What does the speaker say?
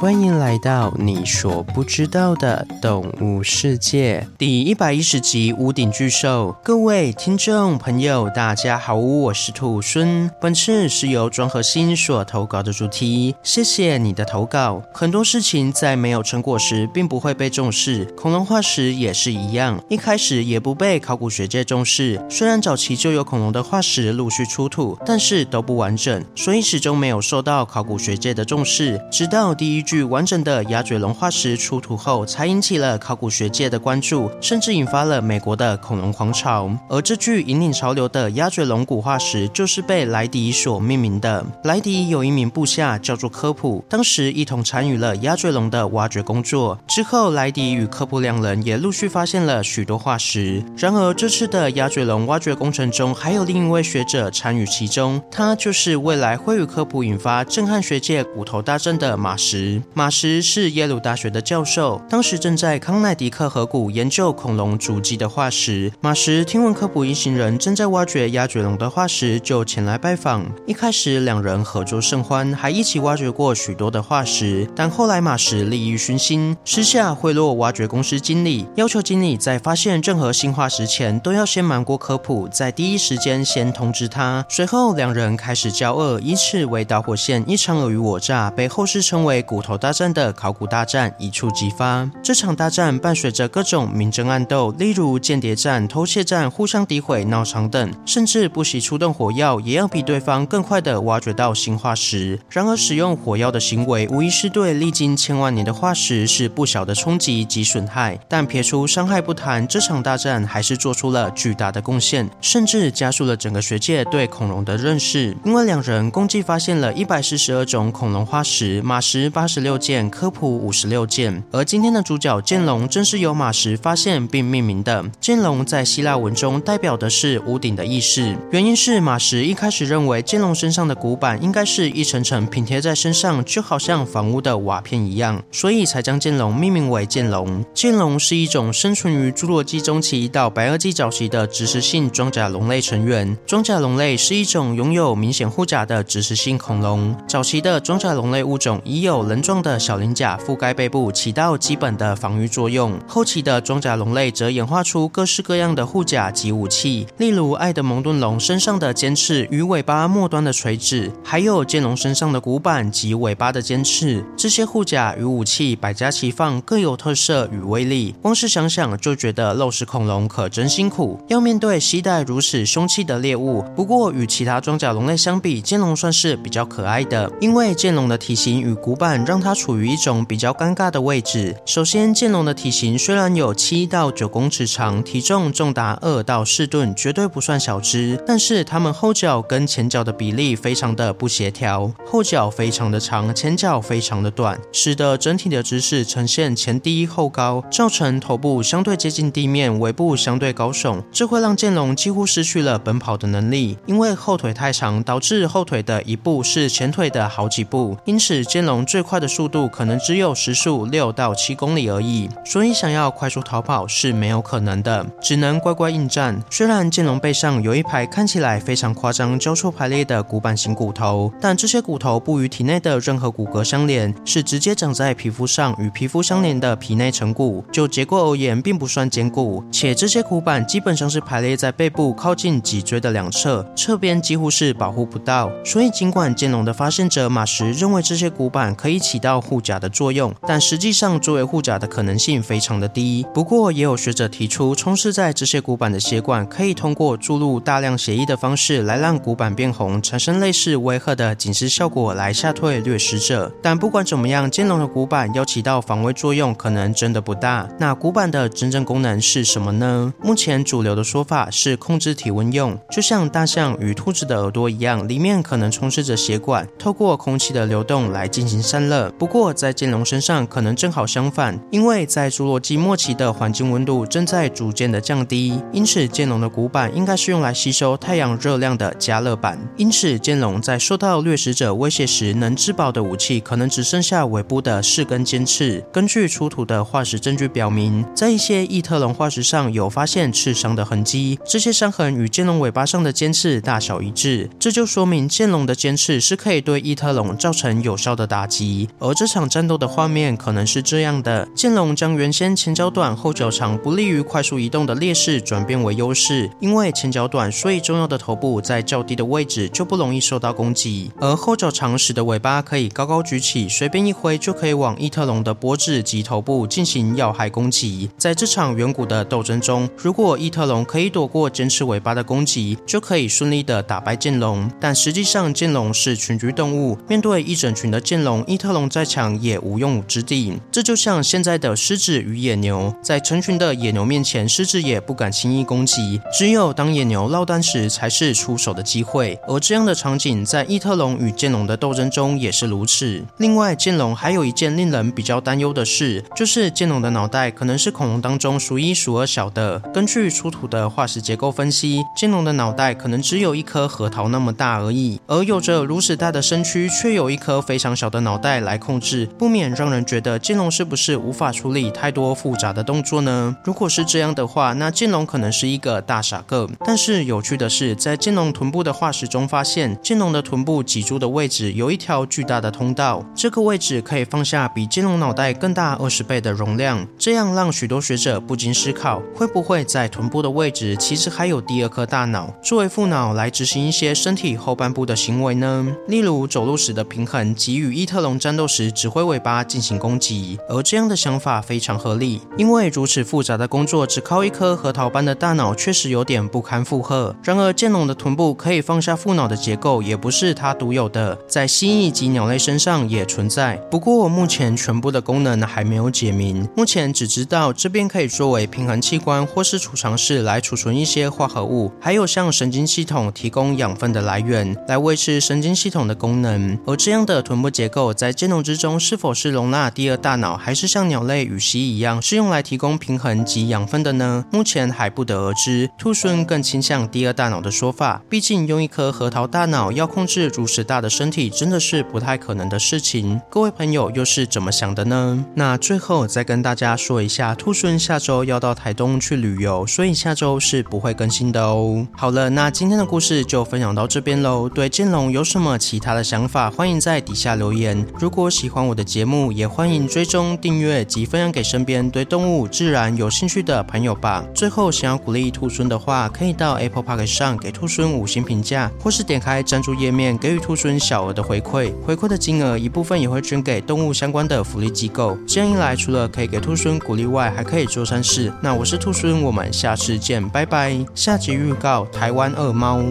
歡迎來到你所不知道的動物世界第一百一十集屋頂巨獸。各位聽眾朋友，大家好，我是兔猻。本次是由莊和新所投稿的主題，謝謝你的投稿。很多事情在沒有成果時，並不會被重視，恐龍化石也是一樣。一開始也不被考古學界重視，雖然早期就有恐龍的化石陸續出土，但是都不完整，所以始終沒有受到考古學界的重視。直到第一具完整的鴨嘴龍化石出土後，才引起了考古學界的關注，甚至引發了美國的恐龍狂潮。而這具引領潮流的鴨嘴龍骨化石，就是被萊迪所命名的。萊迪有一名部下叫做科普，當時一同參與了鴨嘴龍的挖掘工作。之後，萊迪與科普兩人也陸續發現了許多化石。然而，這次的鴨嘴龍挖掘工程中，還有另一位學者參與其中，他就是未來會與科普引發震撼學界骨頭大戰的馬什。馬什是耶魯大學的教授，當時正在康奈迪克河谷研究恐龍足迹的化石。馬什聽聞科普一行人正在挖掘鴨嘴龍的化石，就前來拜訪。一開始兩人合作甚歡，還一起挖掘過許多的化石。但後來馬什利欲熏心，私下賄賂挖掘公司經理，要求經理在發現任何新化石前都要先瞞過科普，在第一時間先通知他。隨後兩人開始交惡，以此為導火線，一場爾虞我詐被後世稱為骨頭。大戰的考古大戰一觸即發，這場大戰伴隨着各種明爭暗鬥，例如間諜戰、偷竊戰、互相詆毀、鬧場等，甚至不惜出動火藥，也要比對方更快地挖掘到新化石。然而，使用火藥的行為無疑是對歷經千萬年的化石是不小的衝擊及損害。但撇除傷害不談，這場大戰還是做出了巨大的貢獻，甚至加速了整個學界對恐龍的認識。因為兩人共計發現了一百四十二種恐龍化石，馬什、八十六件科普五十六件，而今天的主角劍龍正是由馬什發現並命名的。劍龍在希臘文中代表的是屋頂的意思，原因是馬什一開始認為劍龍身上的骨板應該是一層層拼貼在身上，就好像房屋的瓦片一樣，所以才將劍龍命名為劍龍。劍龍是一種生存於侏羅紀中期到白堊紀早期的植食性裝甲龍類成員。裝甲龍類是一種擁有明顯護甲的植食性恐龍。早期的裝甲龍類物種已有人狀的小鱗甲覆蓋背部，起到基本的防禦作用。後期的裝甲龍類則演化出各式各樣的護甲及武器，例如愛德蒙頓龍身上的尖刺、與尾巴末端的錘子，還有劍龍身上的骨板及尾巴的尖刺。這些護甲與武器百家齊放，各有特色與威力。光是想想就覺得肉食恐龍可真辛苦，要面對攜帶如此兇器的獵物。不過與其他裝甲龍類相比，劍龍算是比較可愛的，因為劍龍的體型與骨板，讓它處於一種比較尷尬的位置。首先，劍龍的體型雖然有七到九公尺長，體重重達二到四噸，絕對不算小隻，但是它們後腳跟前腳的比例非常的不協調，後腳非常的長，前腳非常的短，使得整體的姿勢呈現前低後高，造成頭部相對接近地面，尾部相對高聳，這會讓劍龍幾乎失去了奔跑的能力，因為後腿太長，導致後腿的一步是前腿的好幾步，因此劍龍最快的速度可能只有時速六到七公里而已，所以想要快速逃跑是沒有可能的，只能乖乖應戰。雖然劍龍背上有一排看起來非常誇張交錯排列的骨板型骨頭，但這些骨頭不與體內的任何骨骼相連，是直接長在皮膚上與皮膚相連的皮內成骨。就結構而言，並不算堅固，且這些骨板基本上是排列在背部靠近脊椎的兩側，側邊幾乎是保護不到。所以，儘管劍龍的發現者馬什認為這些骨板可以，起到護甲的作用，但實際上作為護甲的可能性非常的低。不過，也有學者提出，充斥在這些骨板的血管，可以通過注入大量血液的方式來讓骨板變紅，產生類似威嚇的警示效果來嚇退掠食者。但不管怎麼樣，劍龍的骨板要起到防衛作用，可能真的不大。那骨板的真正功能是什麼呢？目前主流的說法是控制體溫用，就像大象與兔子的耳朵一樣，裡面可能充斥着血管，透過空氣的流動來進行散熱。不過，在劍龍身上可能正好相反，因為在侏羅紀末期的環境溫度正在逐漸的降低，因此劍龍的骨板應該是用來吸收太陽熱量的加熱板。因此，劍龍在受到掠食者威脅時能自保的武器可能只剩下尾部的四根尖刺。根據出土的化石證據表明，在一些異特龍化石上有發現刺傷的痕跡，這些傷痕與劍龍尾巴上的尖刺大小一致，這就說明劍龍的尖刺是可以對異特龍造成有效的打擊。而這場戰鬥的畫面可能是這樣的：劍龍將原先前腳短、後腳長、不利於快速移動的劣勢轉變為優勢，因為前腳短，所以重要的頭部在較低的位置就不容易受到攻擊；而後腳長使得尾巴可以高高舉起，隨便一揮就可以往異特龍的脖子及頭部進行要害攻擊。在這場遠古的鬥爭中，如果異特龍可以躲過尖刺尾巴的攻擊，就可以順利的打敗劍龍。但實際上，劍龍是群居動物，面對一整群的劍龍，異特龍。再強也無用武之地，這就像現在的獅子與野牛，在成群的野牛面前，獅子也不敢輕易攻擊。只有當野牛落單時，才是出手的機會。而這樣的場景在異特龍與劍龍的鬥爭中也是如此。另外，劍龍還有一件令人比較擔憂的事，就是劍龍的腦袋可能是恐龍當中數一數二小的。根據出土的化石結構分析，劍龍的腦袋可能只有一顆核桃那麼大而已。而有着如此大的身軀，卻有一顆非常小的腦袋來。來控制，不免讓人覺得劍龍是不是無法處理太多複雜的動作呢？如果是這樣的話，那劍龍可能是一個大傻個。但是有趣的是，在劍龍臀部的化石中發現，劍龍的臀部脊柱的位置有一條巨大的通道，這個位置可以放下比劍龍腦袋更大二十倍的容量。這樣讓許多學者不禁思考，會不會在臀部的位置其實還有第二顆大腦，作為副腦來執行一些身體後半部的行為呢？例如走路時的平衡及與異特龍戰鬥時指揮尾巴進行攻擊，而這樣的想法非常合理，因為如此複雜的工作只靠一顆核桃般的大腦確實有點不堪負荷。然而，劍龍的臀部可以放下腹腦的結構也不是它獨有的，在蜥蜴及鳥類身上也存在。不過，目前全部的功能還沒有解明，目前只知道這邊可以作為平衡器官或是儲藏室來儲存一些化合物，還有向神經系統提供養分的來源，來維持神經系統的功能。而這樣的臀部結構在劍龍之中是否是容納第二大腦，還是像鳥類與蜥蜴一樣是用來提供平衡及養分的呢？目前還不得而知。兔猻更傾向第二大腦的說法，畢竟用一顆核桃大腦要控制如此大的身體，真的是不太可能的事情。各位朋友又是怎麼想的呢？那最後再跟大家說一下，兔猻下周要到台東去旅遊，所以下周是不會更新的哦。好了，那今天的故事就分享到這邊嘍。對劍龍有什麼其他的想法，歡迎在底下留言。如果如果喜歡我的節目，也歡迎追蹤、訂閱及分享給身邊對動物、自然有興趣的朋友吧。最後，想要鼓勵兔猻的話，可以到 Apple Podcast 上給兔猻五星評價，或是點開贊助頁面給予兔猻小額的回饋。回饋的金額一部分也會捐給動物相關的福利機構。這樣一來，除了可以給兔猻鼓勵外，還可以做善事。那我是兔猻，我們下次見，拜拜。下集預告：台灣二貓。